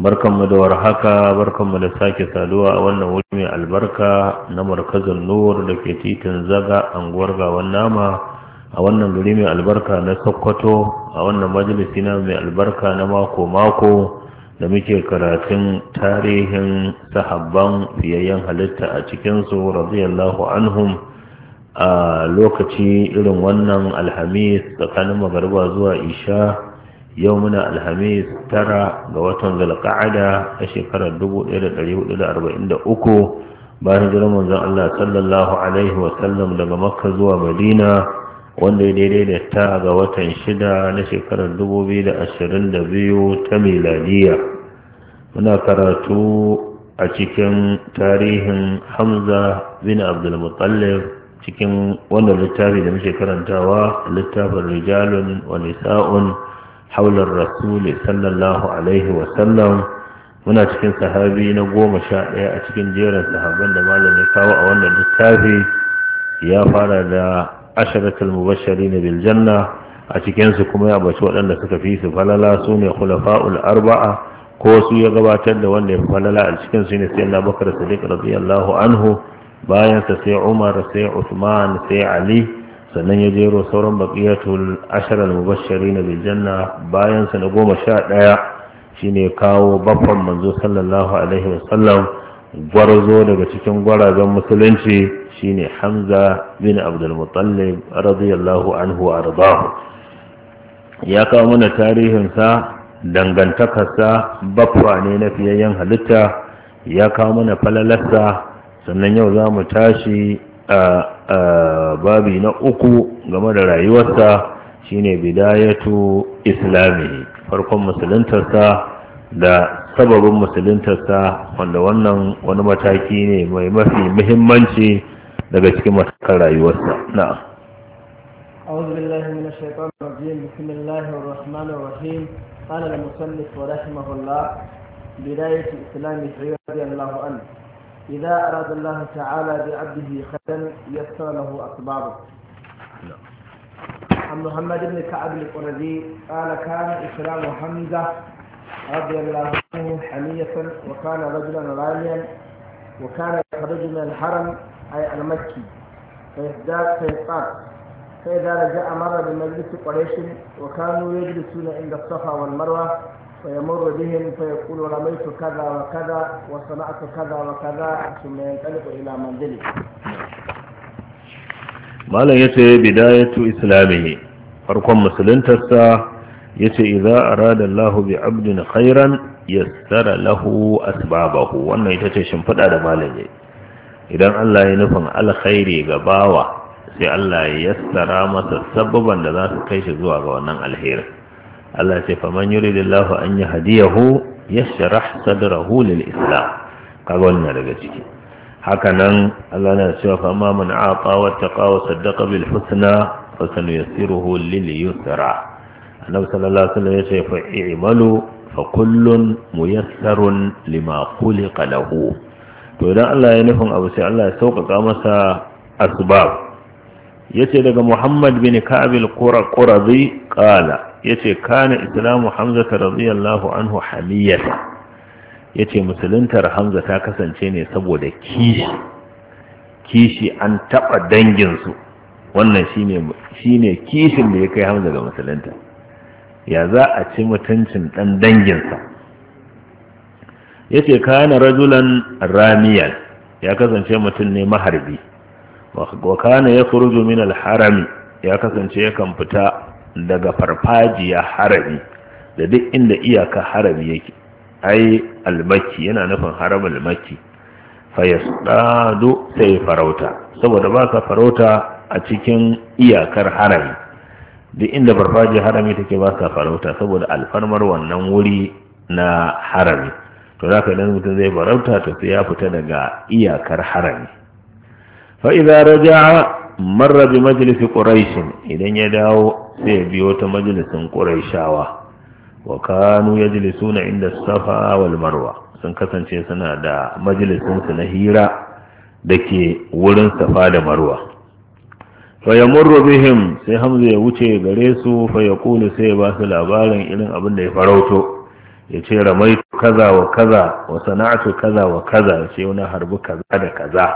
barkanmu da warhaka barkanmu da sake saduwa a wannan wuri mai albarka na markazin nur da ke titin zaga anguwar gawan nama a wannan gari mai albarka na sokoto a wannan majalisi na mai albarka na mako-mako da muke karatun tarihin sahabban fiyayyen halitta a cikinsu radiyallahu anhum a lokaci irin wannan alhamis tsakanin magariba zuwa isha yau muna alhamis tara ga watan zalqa'ada a shekarar 1443 bayan hijirar manzon Allah sallallahu alaihi wa sallam daga Makka zuwa Madina wanda ya daidai da ta ga watan shida na shekarar 2022 ta miladiya muna karatu a cikin tarihin Hamza bin Abdul Muttalib cikin wannan littafi da muke karantawa littafin rijalun wa nisa'un haular rasuli sallallahu muna cikin sahabi na goma sha ɗaya a cikin jerin sahaban da malami kawo a wannan littafi ya fara da asharatul mubashari na biljanna a cikinsu kuma ya baci waɗanda suka fi su falala su ne khulafa'ul arba'a ko su ya gabatar da wanda ya falala a cikin su ne sai Allah bakar sadiq radiyallahu anhu bayan sa sai umar sai usman sai ali sannan ya jero sauran baqiyatul ashar al-mubashirin bil janna bayan na goma sha ɗaya shine kawo baffan manzo sallallahu alaihi wasallam gwarzo daga cikin gwarazan musulunci shine Hamza bin Abdul radiyallahu anhu ardahu ya kawo mana tarihin sa dangantakarsa baffa ne na fiyayyen halitta ya kawo mana falalarsa sannan yau za mu tashi babi na uku game da rayuwarsa shine bidayatu islami farkon musuluntarsa da sababin musuluntarsa wanda wannan wani mataki ne mai mafi muhimmanci daga cikin matakan rayuwarsa na أعوذ بالله من الشيطان الرجيم بسم الله الرحمن الرحيم قال المصنف رحمه الله بداية إسلام رضي الله عنه إذا أراد الله تعالى بعبده خيرا يسر له أسبابه عن محمد بن كعب القرزي قال كان إسلام حمزة رضي الله عنه حمية وكان رجلا راليا وكان يخرج من الحرم أي المكي فيزداد فيقال فإذا رجع مر بمجلس قريش وكانوا يجلسون عند الصفا والمروة فيمر بهم فيقول رميت كذا وكذا وصنعت كذا وكذا ثم ينطلق إلى منزله malam ya ce bidayatu islamihi farkon musuluntarsa ya ce iza arada Allahu bi abdin khairan yassara lahu asbabahu wannan ita ce shimfiɗa da malam idan Allah ya nufin alkhairi ga bawa sai Allah ya yassara masa sabbaban da za su kai shi zuwa ga wannan alheri. Allah ce faman yuridillahu an yahdiyahu yashrah sadrahu lil islam kaga wannan daga ciki haka nan Allah na cewa fa amma man aata wa taqa wa saddaqa bil husna fa sanuyassiruhu lil yusra annabi sallallahu alaihi wasallam ya ce fa i'malu fa kullun muyassarun lima khuliqa lahu to idan Allah ya nufin abu sai Allah ya sauƙaƙa masa asbab yace daga Muhammad bin Ka'ab al-Qurazi qala yace kana islamu Hamza radiyallahu anhu hamiyata yace musuluntar Hamza ta kasance ne saboda kishi kishi an taba dangin su wannan shine shine kishin da ya kai Hamza ga musulunta ya za a ci mutuncin dan dangin sa yace kana rajulan ramiyan ya kasance mutum ne maharbi Wakana kana ya furuzu min al-harami ya kasance yakan fita daga farfajiya harami da duk inda iyaka harami yake ai almaki yana nufin haram almaki fayasdadu sai farauta saboda ba ka farauta a cikin iyakar harami duk inda farfajiya harami take ba ka farauta saboda alfarmar wannan wuri na harami to za ka idan mutum zai farauta to sai ya fita daga iyakar harami fa idza raja'a marra bi majlis quraish idan ya dawo sai ya biyo ta majalisin quraishawa wa kanu yajlisuna inda safa wal marwa sun kasance suna da majalisin su na hira dake wurin safa da marwa fa yamurru bihim sai hamza ya wuce gare su fa yaqulu sai ba su labarin irin abin da ya farauto ya ce ramaitu kaza wa kaza wa sana'atu kaza wa kaza ya ce wani harbi kaza da kaza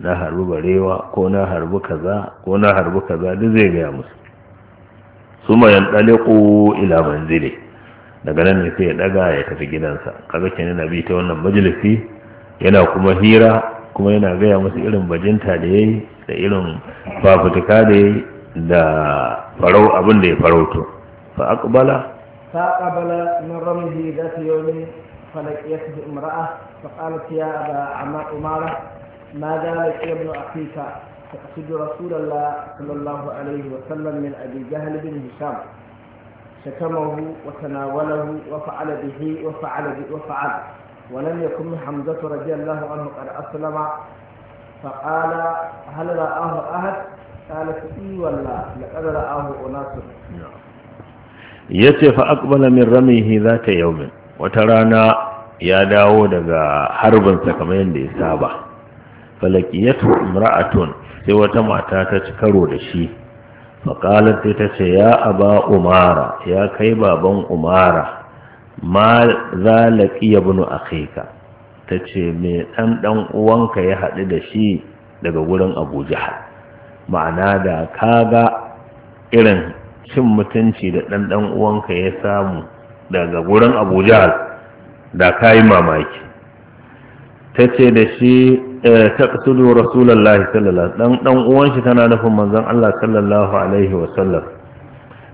na harbi barewa ko na harbi kaza ko na harbi kaza duk zai gaya musu su mayan ila manzile daga nan ne sai ya ɗaga ya tafi gidansa kaga kenan na ta wannan majalisi yana kuma hira kuma yana gaya musu irin bajinta da ya yi da irin fafutuka da ya da farau abin da ya farauto fa aqbala fa aqbala min ramhi dhati yawmin falaqiyahu imra'a fa qalat ya aba umara ما ذلك يا ابن أخيك تقصد رسول الله صلى الله عليه وسلم من أبي جهل بن هشام شتمه وتناوله وفعل به وفعل به وفعل ولم يكن حمزة رضي الله عنه قد أسلم فقال هل رآه أحد قالت إي والله لقد رآه أناس yace fa aqbala min ramihi zata yawmin wata rana ya dawo daga harbin sa kamar yadda ya saba falakiyatu imra'atun sai wata mata ta ci karo da shi faƙalar sai ta ce ya aba umara ya kai baban umara ma za laƙiya bunu akhika ta ce mai ɗanɗan uwanka ya haɗu da shi daga wurin abu ma'ana da kaga irin cin mutunci da ɗanɗan uwanka ya samu daga wurin abu da ka yi mamaki ta ce da shi Eh, taqtulu rasulullahi sallallahu dan dan uwan shi tana nufin manzon Allah sallallahu alaihi wa sallam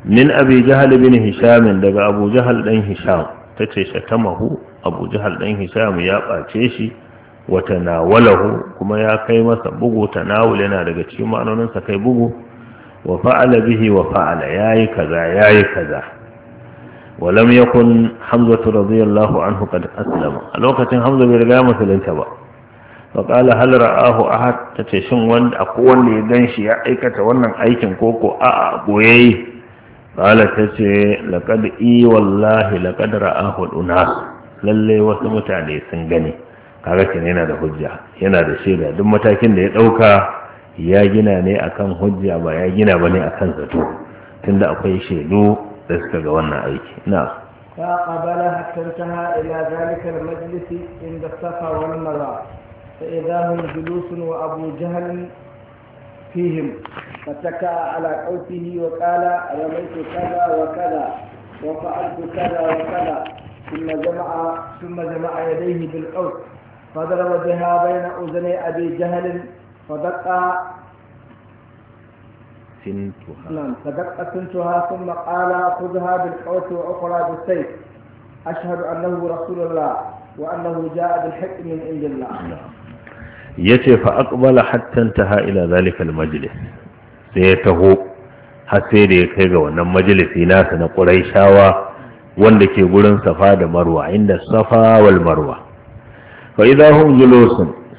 min abi jahal bin hisham daga abu jahal dan hisham tace shatamahu abu jahal dan hisham ya bace shi wa tanawalahu kuma ya kai masa bugu tanawul yana daga cikin ma'anonin sa kai bugu wa fa'ala bihi wa fa'ala yayi kaza yayi kaza ولم يكن حمزة رضي الله عنه قد أسلم الوقت حمزة برقاء مثل انتبه faƙala hal ra'ahu ahad ta ce shin wanda akwai wanda ya shi ya aikata wannan aikin ko ko a a boye ce laƙad wallahi laƙad ra'ahu ɗuna lalle wasu mutane sun gani kaga kin yana da hujja yana da shaida duk matakin da ya ɗauka ya gina ne akan hujja ba ya gina ba ne akan zato tunda akwai shaidu da suka ga wannan aiki na فقبلها حتى انتهى إلى ذلك المجلس عند السفر والمذاق فإذا هم جلوس وأبو جهل فيهم فتكى على قوته وقال رميت كذا وكذا وفعلت كذا وكذا ثم جمع ثم جمع يديه بالقوس فضرب بها بين أذني أبي جهل فدق سنتها نعم فدق سنتها ثم قال خذها بالقوس وأخرى بالسيف أشهد أنه رسول الله وأنه جاء بالحكم من عند الله نعم. yace fa aqbala hatta taha ila zalika majlis, sai ya taho har sai da ya kai ga wannan majalisi nasa na quraishawa wanda ke gurin safa da marwa inda safa wal marwa fa idza hum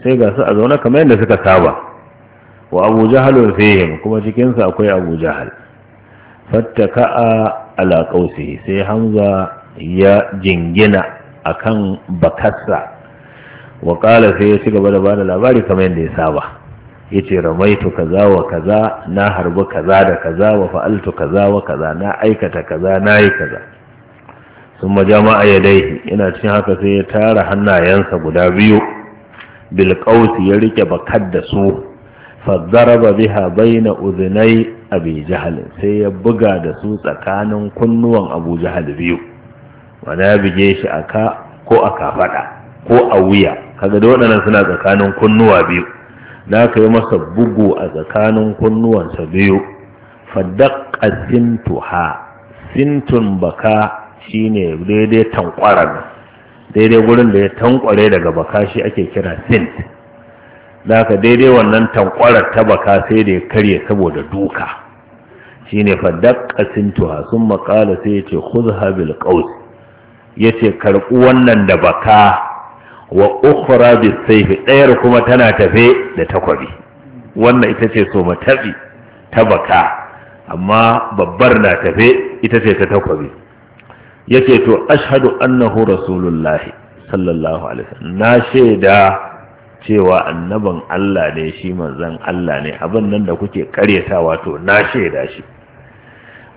sai ga su a zauna kamar yadda suka saba wa abu jahal fihim kuma cikin akwai abu jahal fattaka'a ala sai hamza ya jingina akan Bakassa. wa kala sai ya ci gaba da bada labari kamar yadda ya saba ya ce ramaitu kaza wa kaza na harbi kaza da kaza wa fa'altu kaza wa kaza na aikata kaza na yi kaza sun majama'a ya daihi Ina cin haka sai ya tara hannayensa guda biyu bilkausi ya rike bakar da su fazzaraba biha baina uzinai abi jahal sai ya buga da su tsakanin kunnuwan abu jahal biyu wanda ya bige shi aka ko aka fada ko a wuya kaga da waɗannan suna tsakanin kunnuwa biyu da aka yi masa bugu a tsakanin kunnuwansa biyu faddaƙa sintuha sintun baka shine daidai tankwara daidai gurin da ya tankware daga baka shi ake kira sint da aka daidai wannan tankwara ta baka sai da ya karye saboda duka Shi shine faddaƙa sintuha sun makala sai ya ce kuzha bil ya yace karɓi wannan da baka wa ukhra bisayfi ɗayar kuma tana tafe da takobi wannan ita ce so matabi ta baka amma babbar na tafe ita ce ta takwabi yake to ashhadu annahu rasulullahi sallallahu alaihi wasallam na shaida cewa annaban Allah ne shi manzon Allah ne abin nan da kuke karyata to na shaida shi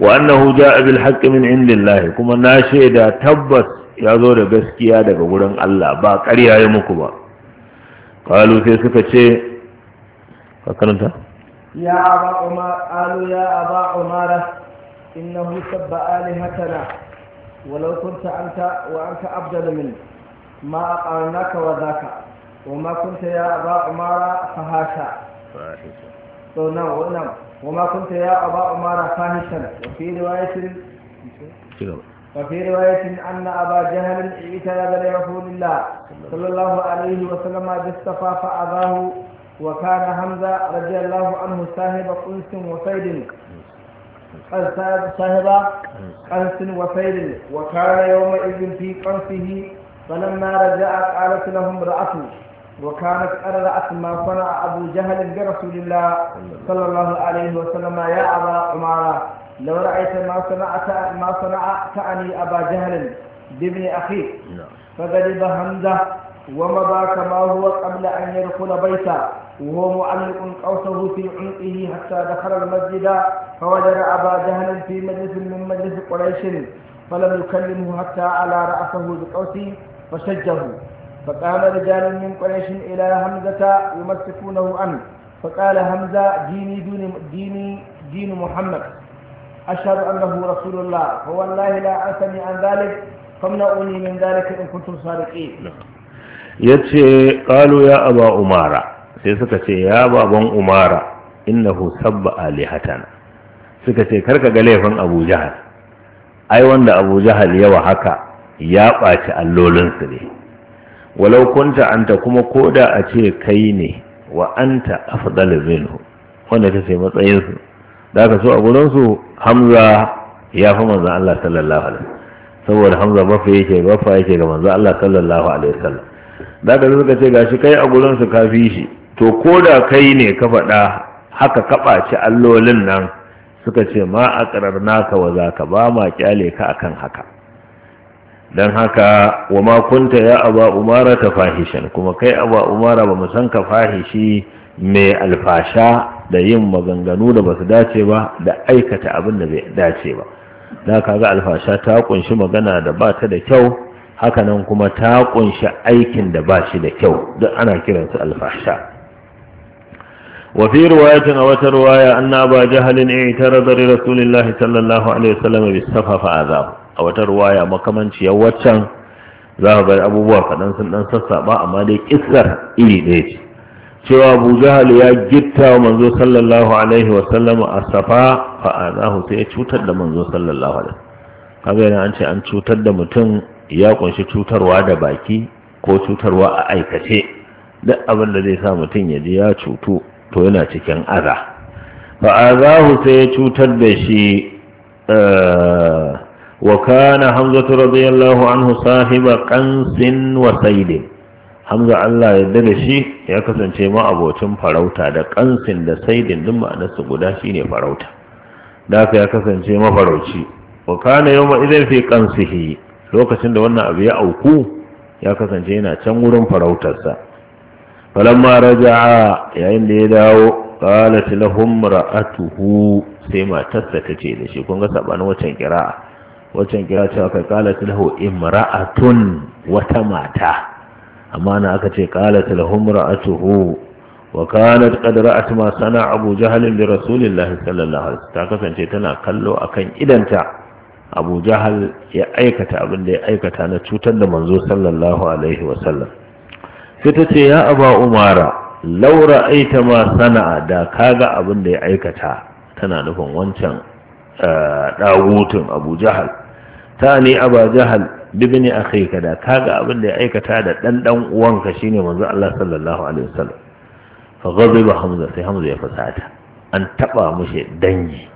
wa annahu jaa bil haqqi min indillahi kuma na shaida tabbas ya zo da gaskiya daga wurin Allah ba ƙarya ya muku ba kalu sai suka ce ka karanta ya aba umar alu ya aba umara innahu sabba alihatana walau kunta anta wa anta abdal min ma aqarnaka wa zaka wa ma kunta ya aba umara fahasha so now what now wa ma kunta ya aba umara fahishan wa fi riwayatin وفي رواية أن أبا جهل اعترض لرسول الله صلى الله عليه وسلم بالصفا فأباه وكان حمزة رضي الله عنه صاحب قنس وصيد صاحب قنس وصيد وكان يومئذ في قنسه فلما رجع قالت لهم امرأته وكانت أرأت ما صنع أبو جهل برسول الله صلى الله عليه وسلم يا أبا عمارة لو رأيت ما صنعت ما صنع تعني أبا جهل بابن أخيه فغلب همزة ومضى كما هو قبل أن يدخل بيته وهو معلق قوسه في عنقه حتى دخل المسجد فوجد أبا جهل في مجلس من مجلس قريش فلم يكلمه حتى على رأسه بقوسه فشجه فقال رجال من قريش إلى همزة يمسكونه عنه فقال همزة ديني دين, ديني دين محمد أشهد أنه رسول الله فوالله لا أعتني عن ذلك فامنعوني من ذلك إن كنت صادقين يتشي قالوا يا أبا أمارة سيسكتي يا أبا أمارة إنه سب آلهتنا sukace karka ga laifin abu jahal ai wanda abu jahal yawa haka ya ɓaci allolinsu ne walau kunta anta kuma da a ce kai ne wa anta afdal minhu wanda ta sai matsayinsu da aka so a su hamza ya fi manzan Allah sallallahu alaihi saboda hamza bafa yake bafa yake ga manzan Allah sallallahu alaihi wasallam da aka suka ce gashi kai a gurinsu ka fi shi to ko da kai ne ka faɗa haka ɓaci allolin nan suka ce ma a ƙarar naka wa za ka ba ma kyale ka akan haka dan haka wa ma kunta ya aba umara ta fahishan kuma kai aba umara ba san ka fahishi mai alfasha da yin maganganu da basu dace ba da aikata abin da bai dace ba da kaga alfasha ta kunshi magana da ba ta da kyau hakanan kuma ta kunshi aikin da ba shi da kyau duk ana kiransu alfasha wa fi a wata riwaya anna ba jahalin in itara rasulullahi sallallahu alaihi wasallam bi safafa azab a wata ruwaya makamanci waccan za ga abubuwa kadan sun dan sassaba amma dai kissar iri ne cewa abu jahal ya gitta wa manzo sallallahu alaihi wa sallam a safa fa anahu sai ya cutar da manzo sallallahu alaihi kaga yana an ce an cutar da mutum ya kunshi cutarwa da baki ko cutarwa a aikace duk abin da zai sa mutum ya ji ya cutu to yana cikin aza fa azahu sai ya cutar da shi eh, wa kana hamzatu radiyallahu anhu sahiba qansin wa saidin hamza Allah ya da shi ya kasance ma abocin farauta da kansin da saidin din ma'anarsa guda shine farauta da aka ya kasance mafarauci wa kana yau idan fi qansihi lokacin da wannan abu ya auku ya kasance yana can wurin farautarsa raja a yayin da ya dawo qalat lahum ra'atuhu sai matarsa ce da shi kun ga sabanin waccan kira waccan kira cewa kai qalat lahu imra'atun wata mata amma na aka ce qalat lahum ra'atuhu wa kanat qad ra'at ma sana abu jahl li rasulillahi sallallahu alaihi wasallam ta kasance tana kallo akan idanta abu jahal ya aikata abin da ya aikata na cutar da manzo sallallahu alaihi wasallam sai ta ce ya aba umara laura aita ma sana'a da kaga abin da ya aikata tana nufin wancan eh, dagutun abu jahal ta ne aba jahal ne a kai akhika da ga abin da ya aikata da ɗanɗan dan uwanka shine manzo Allah sallallahu alaihi wasallam fa ba hamza sai hamza ya fasata an taɓa mushe dangi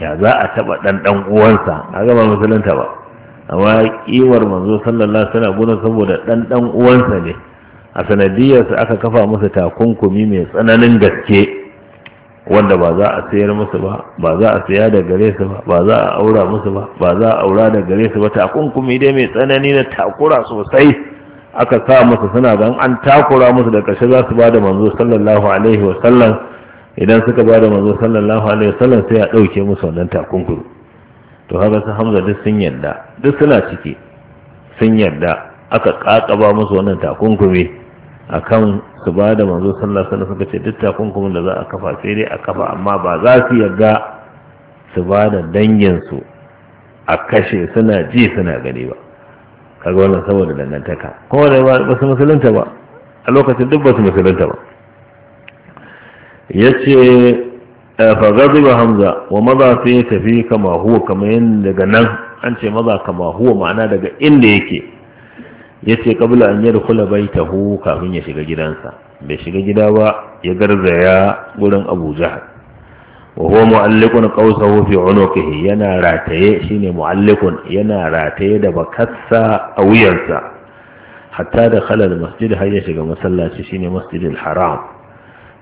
ya za a taɓa ɗanɗan dan uwansa kaga ba musulunta ba amma kiwar manzo sallallahu alaihi wasallam gudun saboda ɗanɗan uwansa ne a sanadiyarsa aka kafa musu takunkumi mai tsananin gaske wanda ba za a sayar musu ba ba za a saya da gare su ba ba za a aura musu ba ba za a aura da gare su ba takunkumi dai mai tsanani na takura sosai aka sa musu suna gan an takura musu da kashe za su ba da manzo sallallahu alaihi wa sallam idan suka ba da manzo sallallahu alaihi wa sallam sai a ɗauke musu wannan takunkuru to haka su hamza duk sun yarda duk suna ciki sun yarda aka kakaba musu wannan takunkumi akan su ba da manzo sallallahu alaihi wasallam suka ce duk takunkumin da za a kafa sai dai a kafa amma ba za su yarda su ba da dangin su a kashe suna ji suna gani ba kaga wannan saboda dangantaka kuma da ba su musulunta ba a lokacin duk ba su musulunta ba yace fa ghadiba hamza wa maza fi tafi kama huwa kama yin daga nan an ce maza kama huwa ma'ana daga inda yake ya ce kabla an yar kula bai taho kafin ya shiga gidansa bai shiga gida ba ya garzaya wurin abu jahal wa huwa mu'allikun qawsahu fi unuqihi yana rataye shine mu'allikun yana rataye da bakarsa a wuyansa hatta da khalal masjid har ya shiga masallaci shine masjidil haram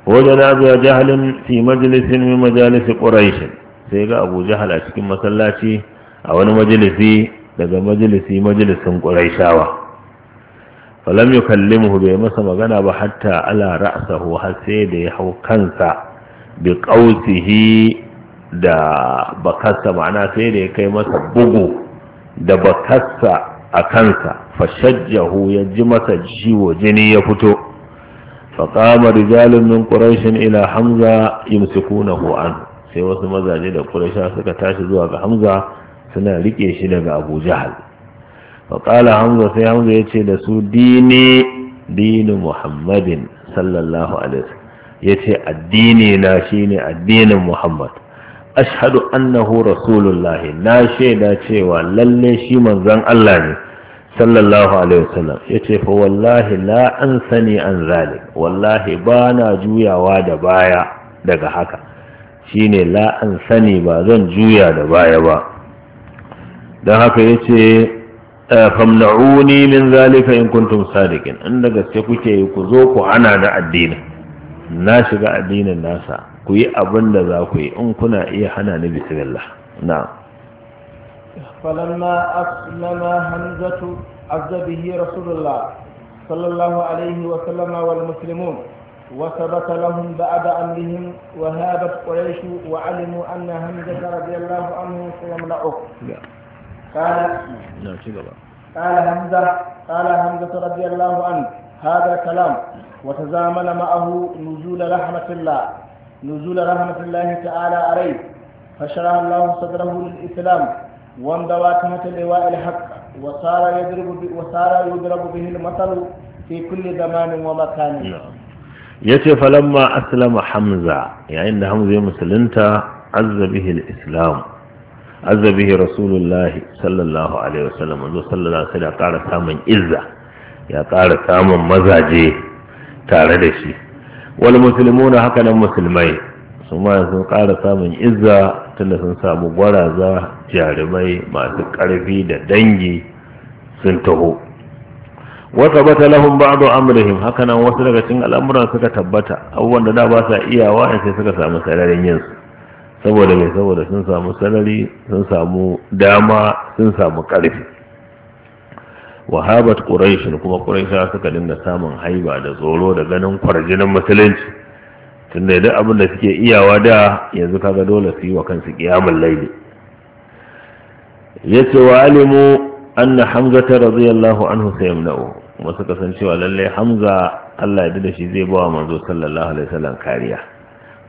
wajen abu ya jahalin fi majalisin min majalisi quraish sai ga abu jahal a cikin masallaci a wani majalisi daga majalisi majalisin quraishawa falam yukallimuhu bai masa magana ba hatta ala ra'sahu har sai da ya hau kansa bi da bakarsa ma'ana sai da ya kai masa bugu da bakarsa a kansa fashajjahu ya ji masa jiwo jini ya fito faƙama rijalun min ƙurashin ila hamza na hu'an sai wasu mazaje da ƙurashin suka tashi zuwa ga hamza suna riƙe shi daga abu faƙala hamza sai hamza ya ce da su dini dini muhammadin sallallahu alaihi ya ce addini na shi ne addinin muhammad ashadu annahu rasulullahi na shaida cewa lalle shi manzan Allah ne sallallahu alaihi wasallam ya ce fa wallahi la an sani an zalik wallahi ba na juyawa da baya daga haka shine la an sani ba zan juya da baya ba don haka ya ce Eh, famna'uni min zalika in kuntum sadiqin in da gaske kuke yi ku zo ku hana da addini na shiga addinin nasa ku yi abin da za ku yi in kuna iya hana ni bismillah na. falamma aslama hamzatu azza bihi rasulullah sallallahu alaihi wa sallama wal muslimun قال قال حمزة قال حمزة رضي الله عنه هذا الكلام وتزامن معه نزول رحمة الله نزول رحمة الله تعالى عليه فشرح الله صدره للإسلام وانضوى تحت لواء الحق وصار يضرب وصار يضرب به المثل في كل زمان ومكان yace falamma aslama hamza yayin da hamza ya musulunta azza bihi al-islam azabi rasulullah sallallahu alaihi wasallam manzo sallallahu alaihi wasallam ƙara samun izza ya ƙara samun mazaje tare da shi wal muslimuna haka nan musulmai su ma sun ƙara samun izza tunda sun samu gwaraza jarumai masu ƙarfi da dangi sun taho wata bata lahun ba'adu amrihim hakanan wasu daga cikin al'amuran suka tabbata abubuwan da da ba sa iyawa sai suka samu sararin yin su saboda mai saboda sun samu sanari sun samu dama sun samu ƙarfi wahabat ƙuraishin kuma ƙuraisha suka dinga samun haiba da tsoro da ganin kwarjinin musulunci tun da duk abin da suke iyawa da yanzu kaga dole su yi wa kansu ƙiyamun laili ya ce wa alimu an na hamzata radiyallahu anhu sai kuma suka san cewa lallai hamza allah ya da shi zai bawa manzo sallallahu alaihi wasallam kariya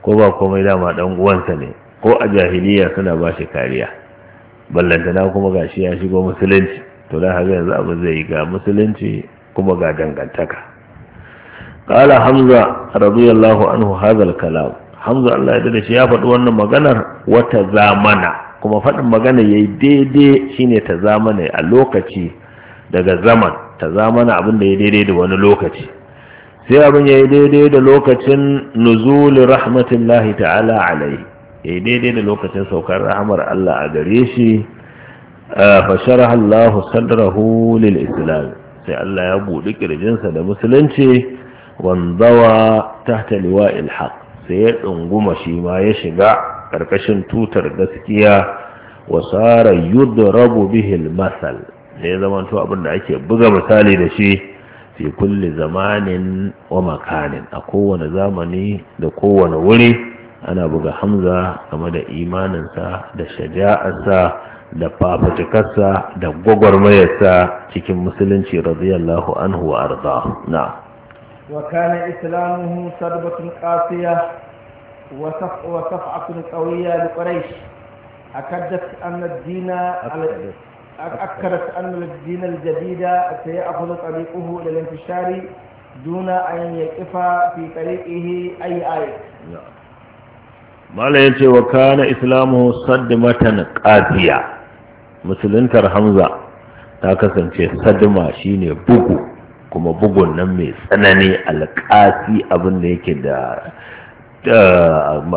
ko ba komai dama dan uwansa ne ko a jahiliya suna ba shi kariya ballantana kuma ga shi ya shigo musulunci to da haka yanzu abin zai yi ga musulunci kuma ga dangantaka qala hamza radiyallahu anhu hazal al-kalam hamza Allah ya dade shi ya faɗi wannan maganar wata zamana kuma faɗin magana yayi daidai shine ta zamana a lokaci daga zaman ta zamana abin da ya daidai da wani lokaci sai abin ya yi daidai da lokacin nuzuli rahmatullahi ta'ala alaihi ya eh, daidai da lokacin saukar rahamar Allah a gare shi fasharaha Allah sadrahu lil islam sai Allah ya buɗi ƙirjinsa da musulunci wanzawa tataliwa liwa'il sai ya ɗunguma shi ma ya shiga ƙarƙashin tutar gaskiya wa sara yudrabu bihi al masal sai zaman to abin da ake buga misali da shi fi kulli zamanin wa makanin a kowane zamani da kowane wuri ana buga hamza game da imaninsa da shaja'arsa da fafatukarsa da gwagwarmayarsa cikin musulunci radiyallahu anhu wa arda na وكان إسلامه صدبة قاسية وصفعة قوية لقريش أكدت أن الدين أكدت أن الدين الجديد سيأخذ طريقه إلى الانتشار دون أن يقف في طريقه أي آية mala ya ce wa kana islamu ta qadiya musuluntar hamza ta kasance sadma shine bugu kuma bugun nan mai tsanani alƙasi abin da yake da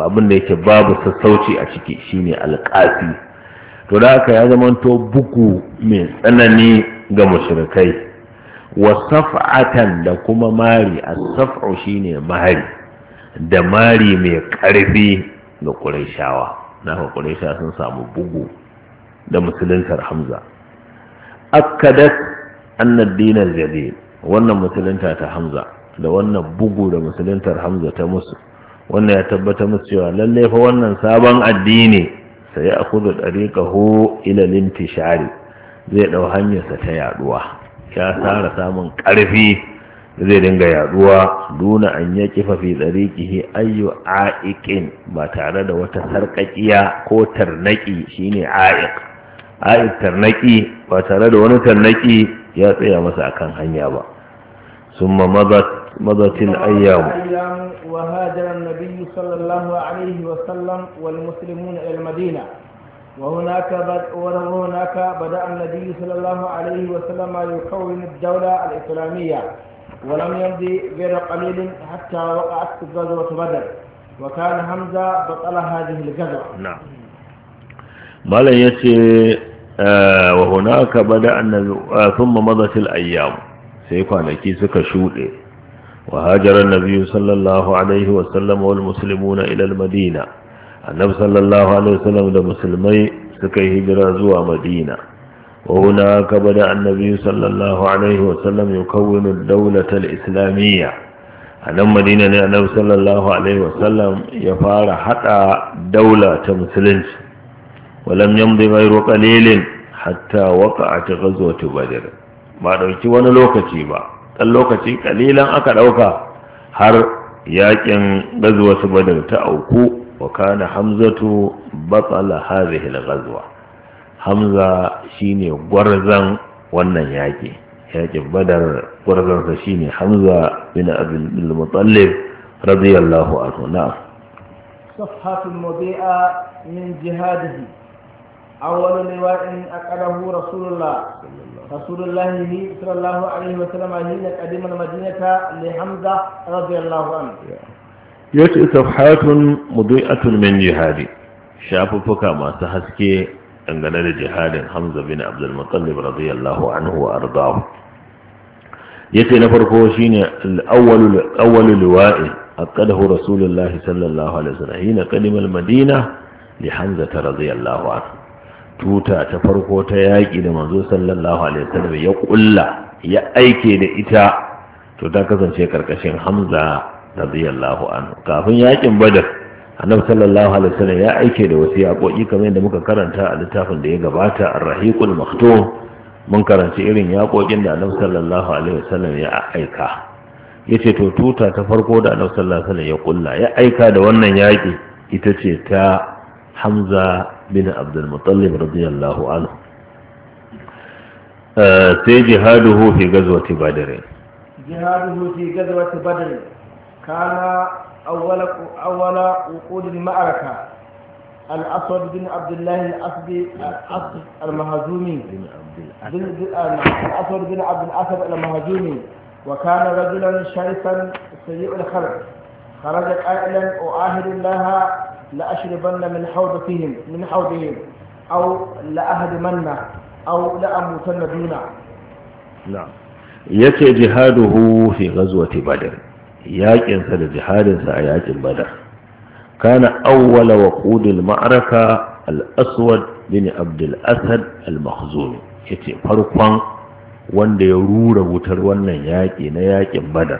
abin da yake babu sassauci a ciki shine alƙasi to da aka ya to bugu mai tsanani ga mushrikai wa saf'atan da kuma mari as-saf'u shine mari da mari mai ƙarfi da ƙuraishawa na haka ƙuraisha sun samu bugu da musuluntar hamza akkadat annad dinar wannan musulunta ta hamza da wannan bugu da musuluntar hamza ta musu wannan ya tabbata musu cewa lalle fa wannan sabon addini sai ya akhudhu dariqahu ila lintishari zai dau hanyarsa ta yaɗuwa, ya tsara samun ƙarfi. zai dinga yaduwa duna an ya kifa fi tsarikihi ayyu a'iqin ba tare da wata sarkakiya ko tarnaki shine a'iq a'iq tarnaki ba tare da wani tarnaki ya tsaya masa akan hanya ba summa madat madatil ayyam wa hajara an-nabiy sallallahu alaihi wa sallam wal muslimuna ila al-madina وهناك بد... وهناك بدأ النبي صلى الله عليه وسلم يكون الدولة الإسلامية ولم يمضي غير قليل حتى وقعت غزوة بدر وكان حمزة بطل هذه الغزوة نعم بل يتي آه وهناك بدأ النبي آه ثم مضت الأيام سيكون لكي سكا شوده وهاجر النبي صلى الله عليه وسلم والمسلمون إلى المدينة النبي صلى الله عليه وسلم المسلمين سكا هجرة زوى مدينة وهناك بدأ النبي صلى الله عليه وسلم يكون الدولة الإسلامية أنا مدينة النبي صلى الله عليه وسلم يفار حتى دولة مسلمة ولم يمض غير قليل حتى وقعت غزوة بدر ba dauki wani lokaci ba ɗan lokaci kalilan aka ɗauka har yakin gazuwa su badar ta auku wa kana hamzatu batsala hazihi al-ghazwa hamza shine gwarzan wannan yaƙi yaƙin badar gwarzansa shine hamza bin abin mutallif radiyallahu a suna safhatul mabi'a min jihadihi awwalu liwa'in aqalahu rasulullah mudi'atun min jihadi masu haske dangane da jihadin hamza bin abdulmutallib radiyallahu anhu wa ardahu yace na farko shine al-awwalu liwa'i aqadahu rasulullah sallallahu alaihi wasallam hina qadima madina li hamza radiyallahu anhu tuta ta farko ta yaki da manzo sallallahu alaihi wasallam ya kulla ya aike da ita to ta kasance karkashin hamza radiyallahu anhu kafin yakin badar annabi sallallahu alaihi wasallam ya aike da wasu yaƙoƙi kamar yadda muka karanta a littafin da ya gabata ar-rahiqul maktum mun karanci irin yaƙoƙin da annabi sallallahu alaihi wasallam ya aika yace to tuta ta farko da annabi sallallahu alaihi wasallam ya kulla ya aika da wannan yaƙi ita ce ta Hamza bin Abdul Muttalib radiyallahu anhu eh, sai jihaduhu fi gazwati badr jihaduhu fi gazwati badr kana أول أول وقود المعركة الأسود بن عبد الله الأسدي الأسد المهزومي بن عبد آه، نعم، الأسود بن عبد الأسد المهزومي وكان رجلا شرسا سيء الخلق خرج قائلا أعاهد الله لأشربن من حوض فيهم من حوضهم أو لأهدمن أو لأموتن دونه نعم يتي جهاده في غزوة بدر yaƙinsa da jihadinsa a yaƙin badar kana awwala wa ƙudil ma'araka al-aswad bin abdul asad al Ya ce farkon wanda ya rura wutar wannan yaƙi na yaƙin badar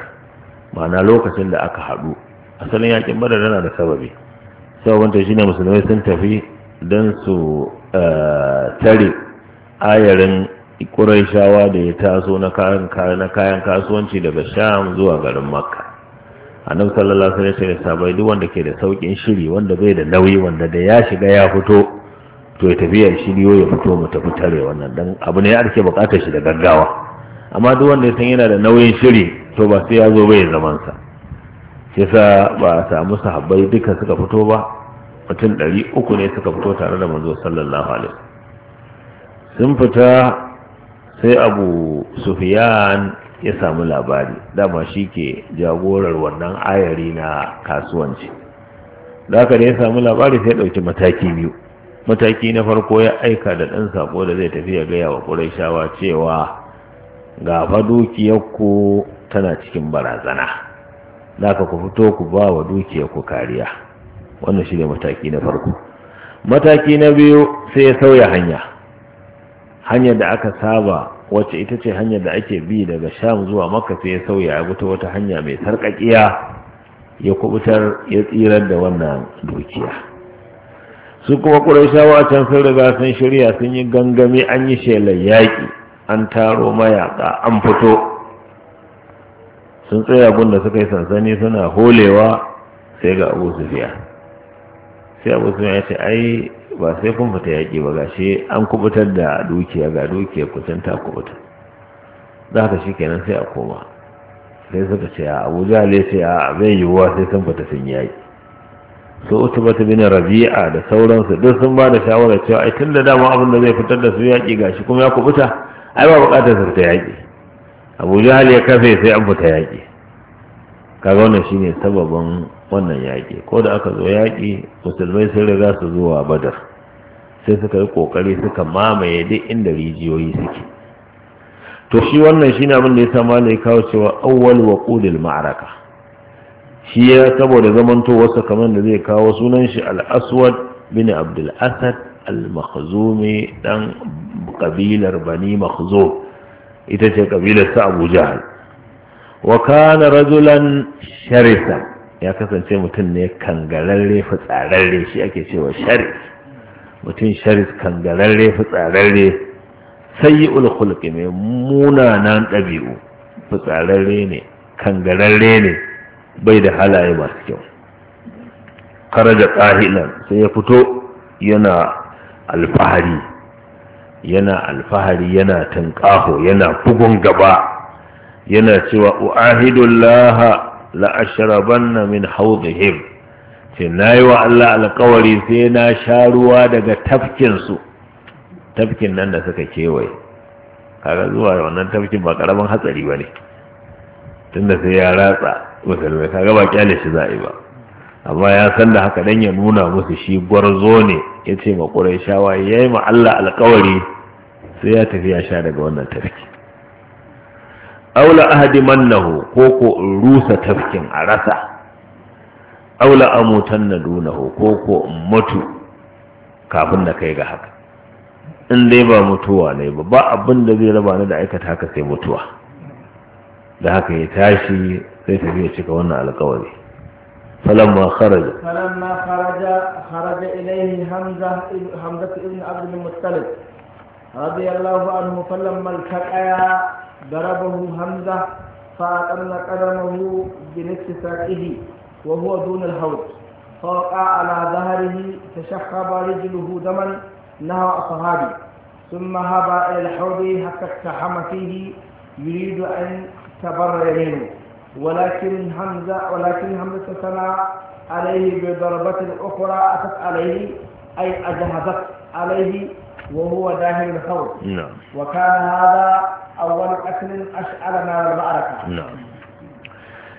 ma'ana lokacin da aka haɗu asalin yaƙin badar yana da sababi shi shine musulmai sun tafi don su eh, tare ayarin ƙuraishawa da ya taso na kayan kasuwanci daga sham zuwa garin makka annabi sallallahu alaihi wasallam ya sabai duk wanda ke da saukin shiri wanda bai da nauyi wanda da ya shiga ya fito to ya tafiya shi yo ya fito mu tafi tare wannan dan abu ne ya arke bukatar shi da gaggawa amma duk wanda san yana da nauyin shiri to ba sai ya zo bai zaman sa yasa ba a samu sahabbai duka suka fito ba mutum ɗari uku ne suka fito tare da manzo sallallahu alaihi sun fita sai abu sufiyan ya samu labari dama shi ke jagorar wannan ayari na kasuwanci da aka da ya samu labari sai ɗauki mataki biyu mataki na farko ya aika da ɗan sako da zai tafi ya gaya wa ƙuraishawa cewa ga fa dukiyarku tana cikin barazana da aka ku fito ku ba wa dukiyarku kariya wannan shi ne mataki na farko mataki na biyu sai ya sauya hanya hanyar da aka saba wacce ita ce hanyar da ake bi daga sham zuwa makka sai ya sauya ya guta wata hanya mai sarƙaƙiya ya kubutar ya tsirar da wannan dukiya su kuma ƙuraishawa can sun riga sun shirya sun yi gangami an yi shelar yaƙi an taro mayaƙa an fito sun tsaya gunda suka yi sansani suna holewa sai ga abu sufiya sai abu sufiya ya ce ai ba sai kun fita yaƙi ba gashi an kubutar da dukiya ga dukiya kusan ta kubuta za ka shi kenan sai a koma sai suka ce a abuja ne sai a zai yiwuwa sai sun fita sun yaƙi su utubata bin rabi'a da sauransu duk sun ba da shawarar cewa ai tun da dama abin da zai fitar da su yaƙi gashi kuma ya kubuta ai ba buƙatar su fita yaƙi abuja ya kafe sai an fita yaƙi kaga wannan shine sababin wannan yaƙi ko da aka zo yaƙi musulmai sai riga su zuwa badar sai suka yi ƙoƙari suka mamaye duk inda rijiyoyi suke to shi wannan shi na abin da ya sa ya kawo cewa awwal wa ƙudil ma'araka shi ya saboda to wasu kamar da zai kawo sunan shi al-aswad bin abdul asad al-makhzumi dan kabilar bani makhzum ita ce kabilar sa abu jahal wa kana rajulan sharisan ya kasance mutum ne kangararre fitsararre shi ake cewa sharif mutum sharif kangararre fitsararre sayi ulkhulki mai munanan ɗabi'u fitsararre ne kangararre ne bai da halaye masu kyau karaja tsahilan sai ya fito yana alfahari yana alfahari yana tankaho yana bugun gaba yana cewa u'ahidullaha la'ashrabanna min hawdihim ce nayi wa Allah alƙawari sai na sha ruwa daga tafkin su tafkin nan da suka kewaye kaga zuwa wannan tafkin ba karamin hatsari bane tunda sai ya ratsa musulmai kaga ba kyale shi za'i ba amma ya san da haka dan ya nuna musu shi gwarzo ne ya yace ma quraishawa yayi ma Allah alƙawari sai ya tafi ya sha daga wannan tafki aula ahadi mannahu ko ko in rusa tafkin a rasa aula amutan na dunahu ko ko in mutu kafin na kai ga haka in dai ba mutuwa ne ba ba abin da zai raba ni da aikata haka sai mutuwa da haka ya tashi sai tafi ya cika wannan alkawari فلما خرج فلما خرج خرج ابن عبد المطلب رضي الله عنه فلما التقيا ضربه همزة فأقل قدمه بنصف ساقه وهو دون الحوض فوقع على ظهره تشخب رجله دما نهى أصحابي ثم هبى إلى الحوض حتى اقتحم فيه يريد أن تبر يمينه ولكن حمزة ولكن حمزة ثنى عليه بضربة أخرى أتت عليه أي أجهزت عليه وهو داخل الحوض وكان هذا awwal asnin ash'alana wal ma'araka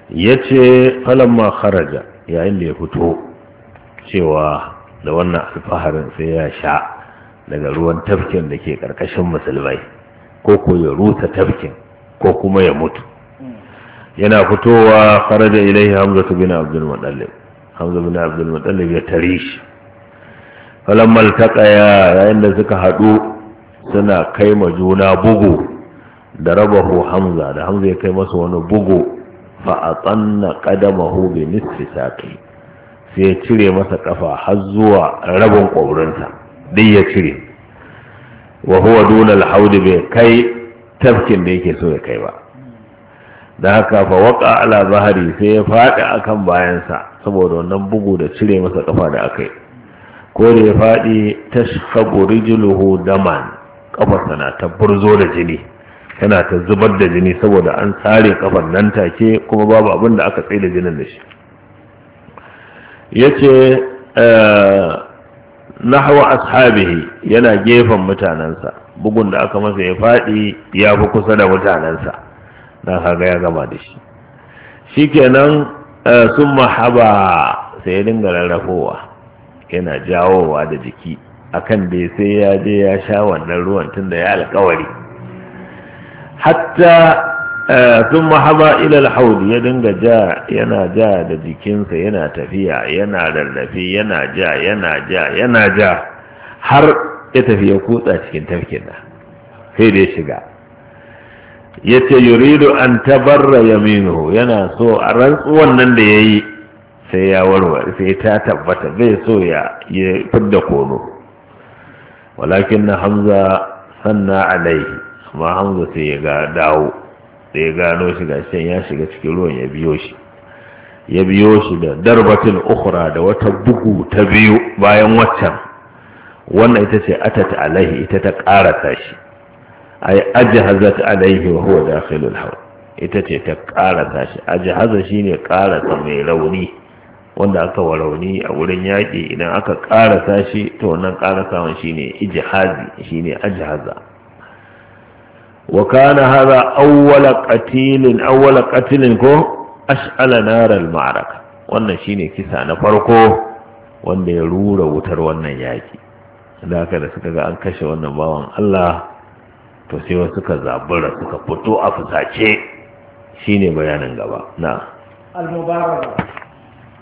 yace falamma kharaja yayin da ya fito cewa da wannan alfaharin sai ya sha daga ruwan tafkin da ke karkashin musulmai ko ko ya rusa tafkin ko kuma ya mutu yana fitowa kharaja ilaihi hamzatu bin abdul muttalib hamza bin abdul muttalib ya tare shi falamma ya yayin da suka hadu suna kai ma juna bugu da rabahu hamza da hamza ya kai masa wani bugu fa a tsanna ƙadamahu bi nisfi saƙi sai ya cire masa ƙafa har zuwa rabin ƙwaurinsa duk ya cire wa huwa duna alhaudi bai kai tafkin da yake so ya kai ba da haka fa waka ala zahari sai ya faɗi akan bayansa saboda wannan bugu da cire masa ƙafa da aka yi ko da ya faɗi tashhabu rijluhu daman ƙafarsa na ta burzo da jini yana ta zubar da jini saboda an tsare kafan nan take kuma babu abin da aka tsaye da jinin da shi ya ce eh, na hawa ashabihi yana gefen mutanensa bugun da aka masa ya faɗi ya fi kusa da mutanensa na kaga ya gama da shi shi kenan eh, sun mahaba sai ya dinga rarrafowa yana jawowa da jiki akan da sai ya je ya sha wannan ruwan tun da ya alkawari hatta sun eh, mahaba ilal haudu ya dinga ja yana ja da jikinsa yana tafiya yana rarrafe yana ja yana ja yana ja har ya tafi ya kutsa cikin tafkin na sai da ya shiga ya ce yuridu an tabarra yaminu yana so a rantsuwan nan da ya yi sai ya warware sai ta tabbata bai so ya da kono walakin na hamza sanna alaihi amma hamza sai ya ga dawo da ya gano shi ga shi ya shiga cikin ruwan ya biyo shi ya biyo shi da darbatin ukhra da wata bugu ta biyu bayan waccan wannan ita ce atat alaihi ita ta karata shi ay ajhazat alaihi wa huwa dakhilul hawl ita ce ta karata shi ajhaza shine karata mai rauni wanda aka wa rauni a wurin yaki idan aka karata shi to wannan ijihazi shine ijhazi shine ajhaza wa kana hadha awwala qatilin awwala qatilin ko ash'ala nar al-ma'araka wannan shine kisa na farko wanda ya rura wutar wannan yaki da haka da suka ga an kashe wannan bawan Allah to sai wasu suka zabura suka fito a fusace shine bayanin gaba na al mubarak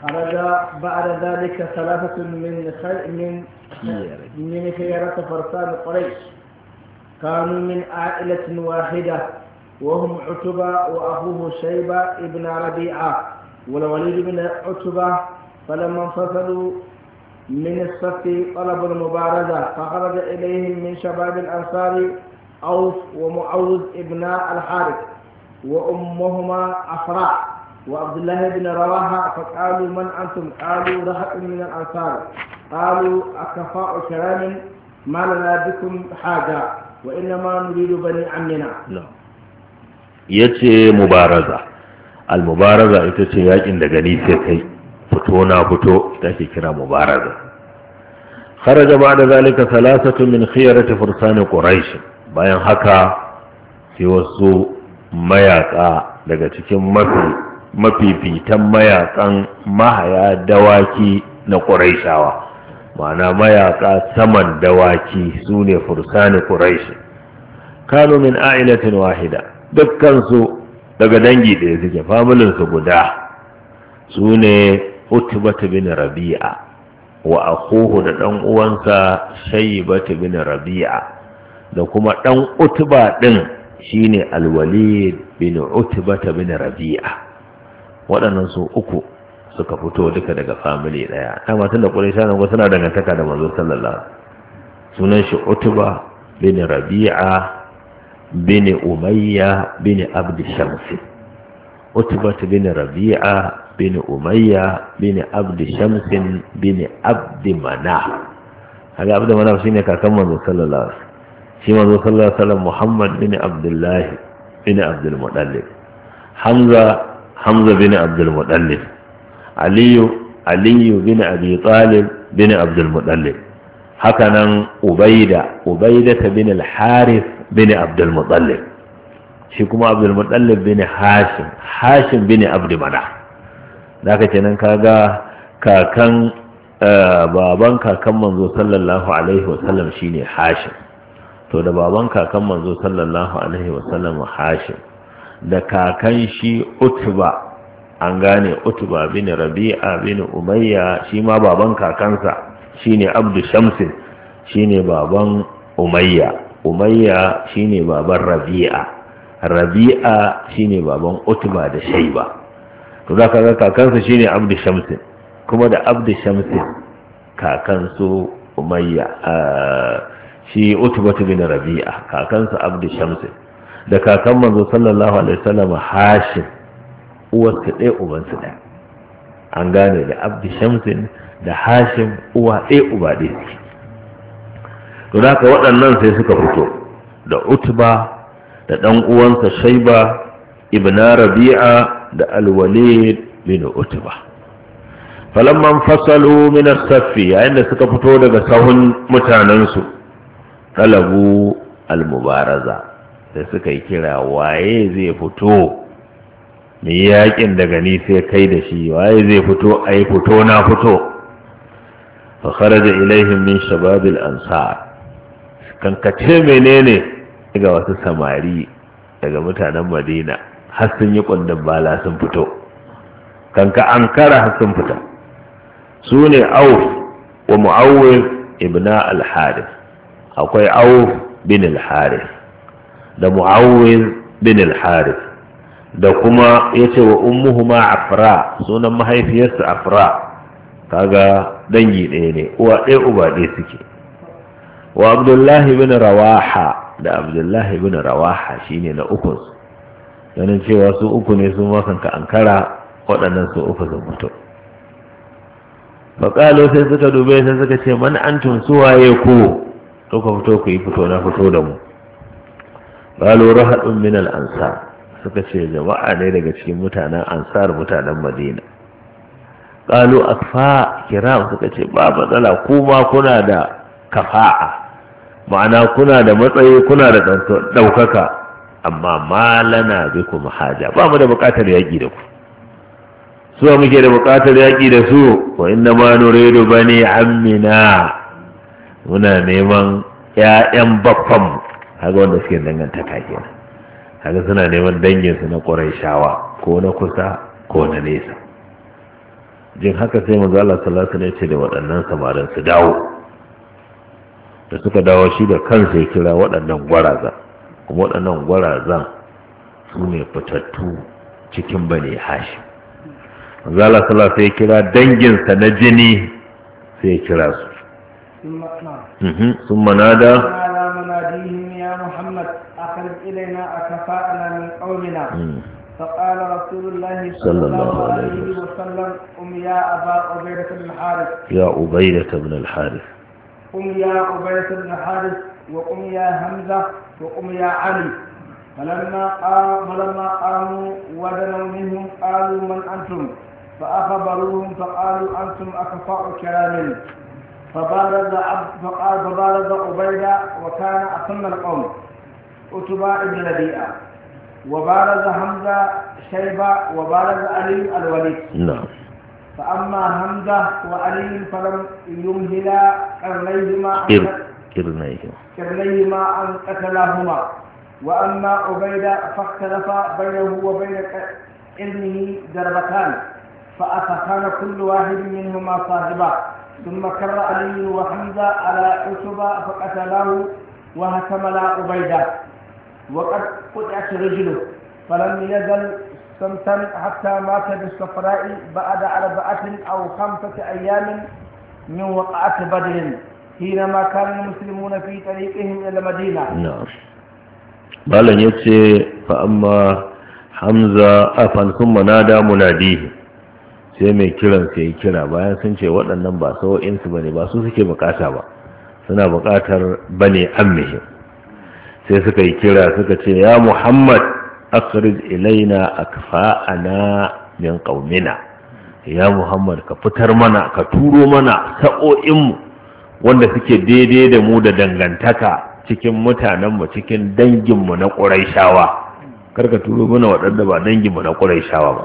خرج ba'da ذلك salafatun min خير min min خيارة farsan quraish كانوا من عائلة واحدة وهم عتبة وأخوه شيبة ابن ربيعة والوليد بن عتبة فلما انفصلوا من الصف طلبوا المبارزة فخرج إليهم من شباب الأنصار أوف ومعوذ ابن الحارث وأمهما أفراء وعبد الله بن رواحة فقالوا من أنتم قالوا رهط من الأنصار قالوا أكفاء كرام ما لنا بكم حاجة wa inna ma muridu bani amina ce mubaraza al mubaraza ita ce yakin da gani sai kai fito na fito ita ake kira mubaraza kharaja ba'da zalika thalathatu min khiyarati fursan quraish bayan haka sai wasu mayaka daga cikin mafi mafifitan mayakan mahaya dawaki na quraishawa ma'ana mayaka saman dawaki su ne fursani quraish kanu min a'ilatin wahida dukkansu daga dangi ɗaya suke familinsu guda su ne utubatu bin rabi'a wa akuhu da ɗan uwansa shaibatu bin rabi'a da kuma ɗan utuba ɗin shine alwalid bin utubata bin rabi'a waɗannan su uku suka fito duka daga famili daya dama tun da quraisha nan suna dangantaka da mazo sallallahu sunan shi utuba bin rabi'a bin umayya bin abd shams utba bin rabi'a bin umayya bin abd shams bin abd manah hada abd manah shine kakan manzo sallallahu shi manzo sallallahu alaihi wasallam muhammad bin abdullah bin abdul muttalib hamza hamza bin abdul muttalib aliyu aliyu bin abi talib bin abdul muttalib haka nan ubaida ubaida bin al-harith bin abdul muttalib shi kuma abdul muttalib bin hashim hashim bin abdul mana da aka ce nan kaga kakan eh, baban kakan manzo sallallahu alaihi wasallam shine hashim to da baban kakan manzo sallallahu alaihi wasallam hashim da kakan shi utba an gane utuba bin rabi'a bin umayya shi ma baban kakansa shine abdu shamsin shine baban umayya umayya shine baban rabi'a rabi'a shine baban utuba da shaiba to za ka ga kakansa shine abdu shamsin kuma da abdu shamsin kakansu umayya shi utubatu bin rabi'a kakansa abdu shamsin da kakan manzo sallallahu alaihi wasallam hashim uwarsa ɗaya ubansu ɗaya an gane da abdi shamsin da hashim uwa ɗaya uba ɗaya su to haka waɗannan sai suka fito da utba da ɗan uwansa shaiba ibn rabi'a da alwalid bin utba falamman fasalu min as yayin da suka fito daga sahun mutanensu, talabu al-mubaraza sai suka yi kira waye zai fito Mai yi yaƙin daga ni sai kai da shi waye zai fito a yi fito na fito fa kharaja ilaihim min shababil ansar kankace menene daga wasu samari daga mutanen madina har sun yi kundin bala sun fito kanka ankara har sun fita su ne auf wa mu'awwil ibna al-harith akwai auf bin al-harith da mu'awwil bin al-harith da kuma ya ce wa ummuhuma afra sunan mahaifiyarsa afra kaga dangi ɗaya ne uwa ɗaya uba ɗaya suke wa abdullahi bin rawaha da abdullahi bin rawaha shine na uku ganin cewa su uku ne sun wasan ka ankara waɗannan su uku sun mutu faƙalo sai suka dube sai suka ce man an waye ku to fito ku yi fito na fito da mu ƙalo rahadun min al'ansa suka ce jama'a ne daga cikin mutanen ansar mutanen madina ƙalu fa kiram suka ce ba matsala kuma kuna da kafa'a ma'ana kuna da matsayi kuna da ɗaukaka amma malana bi kuma haja ba mu da buƙatar yaƙi da ku su muke da buƙatar yaƙi da su ko na ma ba bani Amina, muna neman ƴaƴan baffan kaga wanda suke dangantaka kenan kaga suna neman danginsu na shawa ko na kusa ko na nesa jin haka sai manzo Allah sallallahu alaihi ce da waɗannan samarin su dawo da suka dawo shi da kansa ya kira waɗannan gwaraza kuma waɗannan gwarazan su ne fitattu cikin bane hashi manzo Allah sallallahu alaihi kira danginsa na jini sai ya kira su sun mhm, manada ترد إلينا أكفاءنا من قومنا فقال رسول الله صلى الله عليه وسلم قم يا أبا عبيدة بن الحارث يا عبيدة بن الحارث قم يا عبيدة بن الحارث وقم يا همزة وقم يا علي فلما قام فلما قاموا ودنوا منهم قالوا من أنتم فأخبروهم فقالوا أنتم أكفاء كلام فبارز عبد فقال فبارز عبيدة وكان أتم القوم عتبة بن ربيعة وبارز حمزة شيبة وبارز علي الوليد نعم فأما حمزة وعلي فلم يمهلا قرنيهما قرنيهما قرنيهما أن قتلهما وأما عبيدة فاختلف بينه وبين ابنه دربتان فأتخان كل واحد منهما صاحبا ثم كر علي وحمزة على عتبة فقتله وهتمل عبيدة وقد قطعت رجله فلم يزل سمسم حتى مات بالصفراء بعد أربعة أو خمسة أيام من وقعة بدر حينما كان المسلمون في طريقهم إلى المدينة نعم بل يتسي فأما حمزة أفن ثم نادى مناديه sai mai kiran sai kira bayan sun ce waɗannan ba sau'insu ba ne ba su suke bukata ba suna bukatar bane mihim sai suka yi kira suka ce ya muhammad akhrij ilaina akfa'ana min qaumina ya muhammad ka fitar mana ka turo mana sa'o'inmu wanda suke daidai da mu da dangantaka cikin mutanenmu cikin danginmu na ƙuraishawa karka turo mana waɗanda ba danginmu na ƙuraishawa ba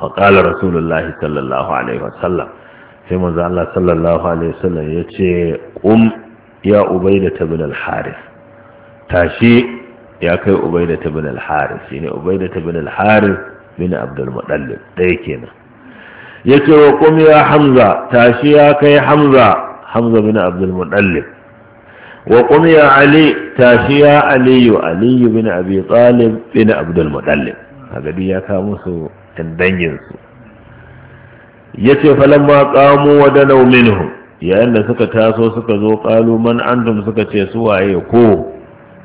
faƙalar rasulullahi sallallahu alaihi wasallam sai manzo Allah sallallahu alaihi wasallam ya ce ƙum ya ubai da al-harith tashi ya kai ubaida ta bin al-haris ne ubaida ta bin al bin abdul mudallib dai kenan yace wa qum ya hamza tashi ya kai hamza hamza bin abdul mudallib wa qum ali tashi ya Aliyu, Aliyu bin abi talib bin abdul mudallib kaga ya ka musu danyen su yace falamma kamu wa danaw minhum yayin da suka taso suka zo qalu man antum suka ce su waye ko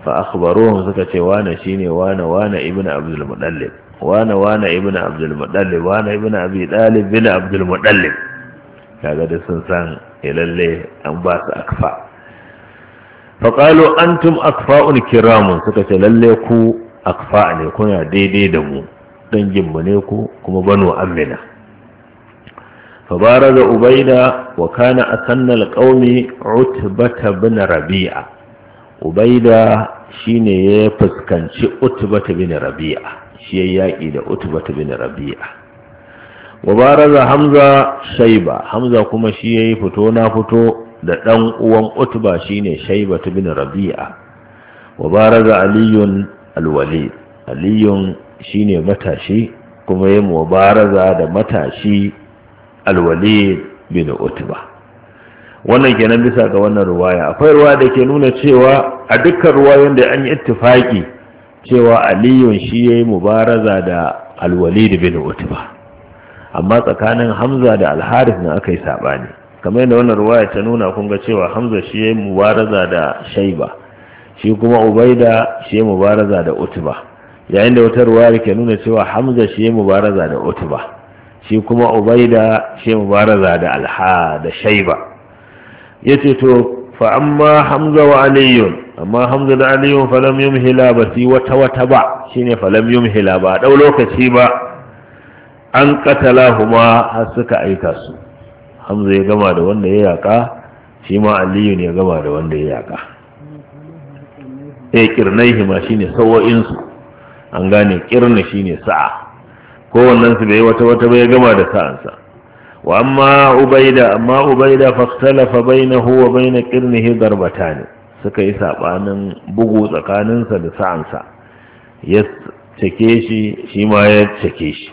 fa akhbaruhum suka ce wane shine wane wane Ibn abdul muttalib wane wane Ibn abdul muttalib wane Ibn abi talib bin abdul muttalib kaga da sun san eh, lalle an ba su akfa fa qalu antum akfa'un kiramun suka ce lalle ku akfa ne kuna daidai da mu dangin mu ne ku kuma banu amina فبارز أبيدا وكان أسن القوم عتبة bin rabi'a. ubaida shine ya fuskanci utubata bin rabi'a shi ya yaƙi da utubata bin rabi'a mubaraza hamza shaiba hamza kuma shi ya yi fito na fito da ɗan uwan utba shine shaiba bin rabi'a mubaraza aliyun alwali aliyun shine matashi kuma ya mubaraza da matashi alwali bin utuba. wannan kenan bisa ga wannan ruwaya akwai ruwa da ke nuna cewa a dukkan ruwayoyin da an yi ittifaki cewa aliyun shi ya yi mubaraza da da bin utuba. amma tsakanin hamza da alharis na aka yi saɓani, kamar yadda wannan ruwaya ta nuna kun ga cewa hamza shi ya yi mubaraza da shaiba shi kuma ubaida shi ya yi mubaraza da utuba. yayin da wata ruwaya ke nuna cewa hamza shi ya yi mubaraza da utuba shi kuma ubaida shi ya yi mubaraza da alha da shaiba yace to fa amma hamza wa aliyun amma hamza da aliyun falam yumhila ba si wata wata ba shine falam yumhila ba dau lokaci ba an huma har suka aika su hamza ya gama da wanda ya yaka shi ma aliyun ya gama da wanda ya yaka eh kirnai hima shine sawa'in su an gane kirna shine sa'a kowannen su bai wata wata ba ya gama da sa'ansa amma وأما عبيدة أما عبيدة فاختلف بينه وبين قرنه ضربتان سكي سابان بغو سكانن سدسان سا يتكيشي شما يتكيشي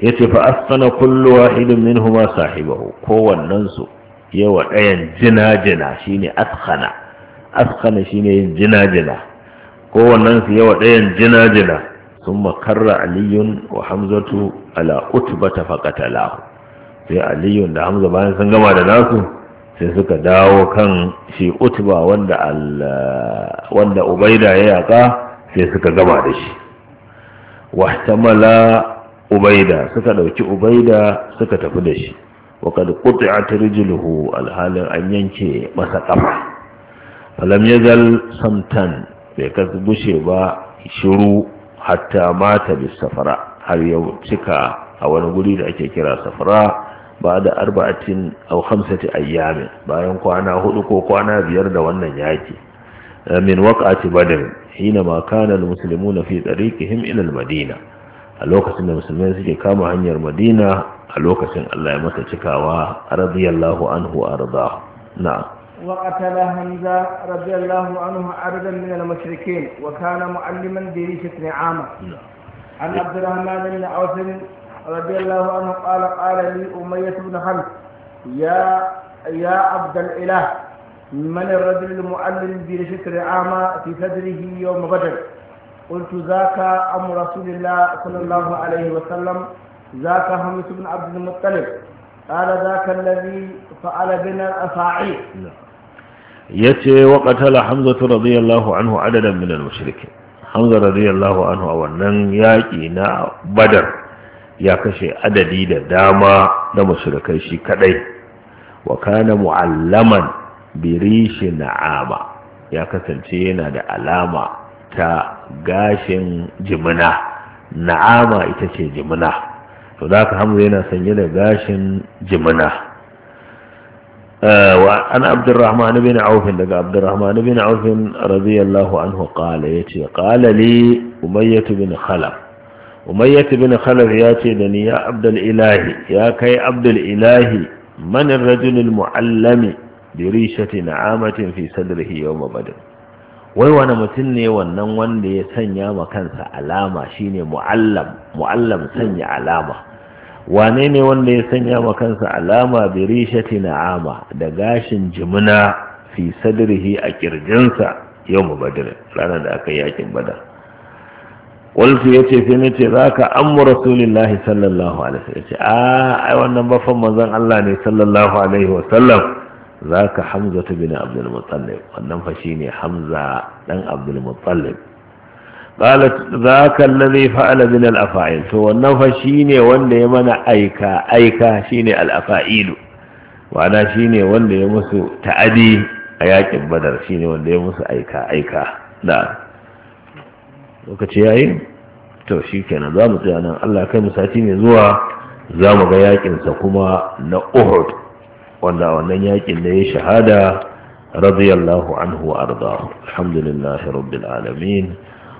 yace fa asfana kullu wahidin minhuma sahibahu kowannen su yawa ɗayan jina-jina shine askhana askhana shine yin jina-jina kowannen su yawa ɗayan jina-jina sun ثم كر علي وحمزة على عتبة فقتلاه sai aliyu da hamza bayan sun gama da nasu sai suka dawo kan shi utuba wanda ubaida ya yaƙa sai suka gama da shi wahtamala ubaida suka ɗauki ubaida suka tafi da shi waka da kutu a tarjiluhu alhalin an yanke masa ƙafa samtan bai kasu bushe ba shiru hatta mata bi safara har yau cika a wani guri da ake kira safara ba da arba'atin aw hamsati ayyamin bayan kwana hudu ko kwana biyar da wannan yaki min waqati badr hina ma kana al muslimuna fi tariqihim ila al madina a lokacin da musulmai suke kama hanyar madina a lokacin Allah ya masa cikawa radiyallahu anhu arda na'am وقتل همزة رضي الله عنه عددا من المشركين وكان معلما بريش بن عامر عن عبد الرحمن بن عوف رضي الله عنه قال قال لي أمية بن خلف يا يا عبد الإله من الرجل المعلم بريش بن عامر في صدره يوم بدر قلت ذاك أم رسول الله صلى الله عليه وسلم ذاك حمص بن عبد المطلب قال ذاك الذي فعل بنا الأصاعي yace wa qatala hamza radiyallahu anhu adadan min al-mushrikin hamza radiyallahu anhu a wannan yaki na badar ya kashe adadi da dama da musulkai shi kadai wa kana mu'allaman bi rishin na'ama ya kasance yana da alama ta gashin jimina na'ama ita ce jimina to zaka hamza yana sanye da gashin jimina وعن عبد الرحمن بن عوف لك عبد الرحمن بن عوف رضي الله عنه قال يتي قال لي أمية بن خلف أمية بن خلف ياتي لني يا عبد الإله يا كي عبد الإله من الرجل المعلم بريشة نعامة في صدره يوم بدر wai wani mutum ne wannan wanda ya sanya ma kansa alama shine muallam muallam sanya alama wane ne wanda ya sanya ma kansa alama bi rishati na'ama da gashin jimina fi sadrihi a kirjinsa yau mu badr ranar da aka yakin badar Wal ya ce sai ne ce za ka an mu rasulillahi sallallahu alaihi wasallam ce a ah, ai wannan bafan manzon Allah ne sallallahu alaihi wasallam za ka hamza bin abdul muttalib wannan fa shine hamza dan abdul muttalib qalat zaka allazi fa'ala min al-afa'il to wannan fa shine wanda ya mana aika aika shine al-afa'ilu ma'ana shine wanda ya musu ta'adi a yakin badar shine wanda ya musu aika aika da lokaci yayi to shikenan zamu tsaya nan Allah kai mu sati ne zuwa zamu ga yakin sa kuma na Uhud wanda wannan yakin ne ya shahada radiyallahu anhu wa ardahu alhamdulillahi rabbil alamin